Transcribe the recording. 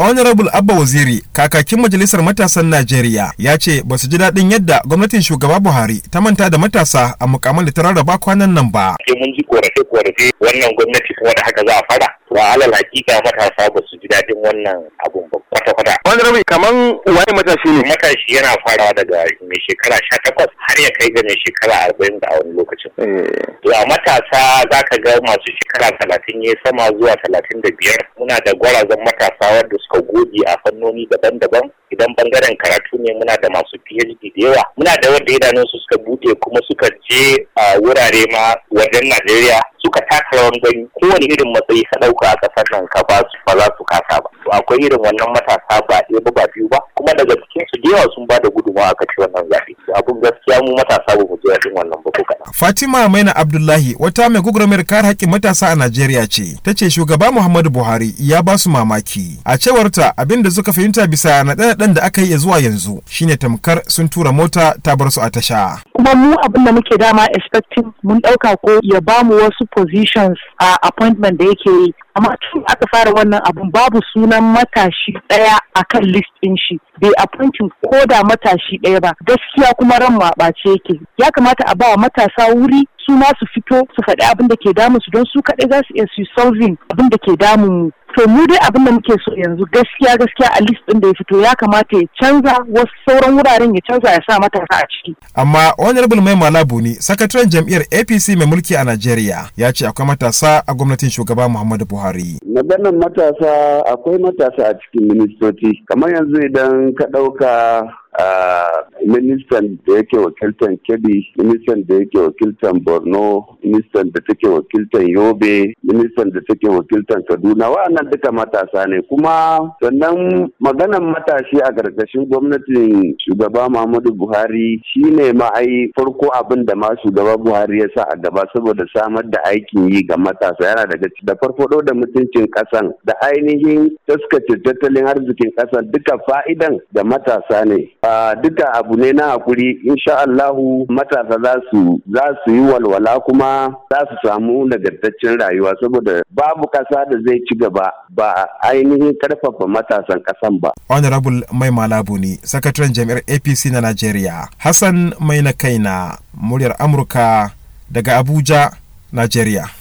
honorable abba waziri kakakin majalisar matasan najeriya ya ce ba su ji daɗin yadda gwamnatin shugaba buhari ta manta da matasa a mukamman da ta rarraba kwanan nan ba mun ji korafe korafe wannan gwamnati kuma da haka za a fara wa alal hakika matasa ba su ji daɗin wannan abun ba kwata-kwata. Wani rabi Kamar wani matashi ne? Matashi yana farawa daga mai shekara sha takwas har ya kai ga mai shekara arba'in da a wani lokacin. Ya eh. matasa za ka ga masu shekara talatin ya sama zuwa talatin da biyar. Muna da gwarazan matasa wanda suka goge a fannoni daban-daban. Idan bangaren karatu ne muna da masu PhD da yawa. Muna da wanda wadda su suka buɗe kuma suka je a wurare ma wajen Najeriya suka taka rawan gani kowane irin matsayi ka ɗauka a ƙasar nan ka ba su ba za su kasa ba. Ba akwai irin wannan matasa ba ɗaya ba ba biyu ba kuma daga cikin su da yawa sun ba da gudunmawa a ci wannan zaɓe abun gaskiya mu matasa ba mu je yaɗin wannan ba ko kaɗan. Fatima Maina Abdullahi wata mai gugurumar kare haƙƙin matasa a Najeriya ce ta ce shugaba Muhammadu Buhari ya ba su mamaki a cewarta abin da suka fahimta bisa naɗe ɗan da aka yi zuwa yanzu shine tamkar sun tura mota ta bar su a tasha. kuma mu abin da muke dama expecting mun ɗauka ko ya ba mu wasu positions a appointment da yake yi amma tun aka fara wannan abun babu sunan matashi ɗaya a kan list ɗin shi bai appointing ko da matashi ɗaya ba gaskiya kuma ran ma ɓace yake ya kamata a ba matasa wuri su ma su fito su faɗi abin da ke damu su don su kaɗai za su iya su solving abin da ke damun mu to mu dai abin da muke so yanzu gaskiya gaskiya a list ɗin da ya fito ya kamata ya canza wasu sauran wuraren ya canza ya sa matasa a ciki amma honorable mai malabu ne sakataren jam'iyyar apc mai mulki a najeriya ya ce akwai matasa a gwamnatin shugaba muhammadu buhari maganar matasa akwai matasa a cikin ministoci kamar yanzu idan ka ɗauka ah, ministan da yake wakiltan kebbi ministan da yake wakiltan borno ministan da take wakiltan yobe ministan da take wakiltar kaduna wa'annan duka matasa ne kuma sannan maganan matashi a ƙarƙashin gwamnatin shugaba muhammadu buhari shine ma'ai farko abin da ma shugaba buhari ya sa a gaba saboda samar da aikin yi ga matasa yana daga da farfado da mutuncin kasan da ainihin taskace tattalin arzikin kasan duka fa'idan da matasa ne duka abu ne na hakuri insha Allahu matasa za su yi walwala kuma za su samu nagartaccen rayuwa saboda babu kasa da zai ci gaba ba ainihin karfafa matasan kasan ba. Honorable Mai Malabu ne, sakataren jami'ar APC na Najeriya. Hassan Mai na kaina, muryar Amurka daga Abuja, Najeriya.